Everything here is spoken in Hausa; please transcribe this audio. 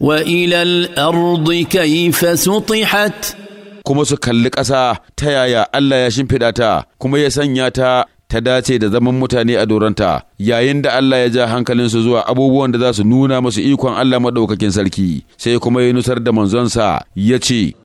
وإلى الأرض كيف سطحت kuma su kalli ƙasa ta yaya Allah ya shimfiɗa ta kuma ya sanya ta ta dace da zaman mutane a doranta yayin da Allah ya ja hankalinsu zuwa abubuwan da za su nuna masu ikon Allah maɗaukakin sarki sai kuma ya nusar da manzonsa ya ce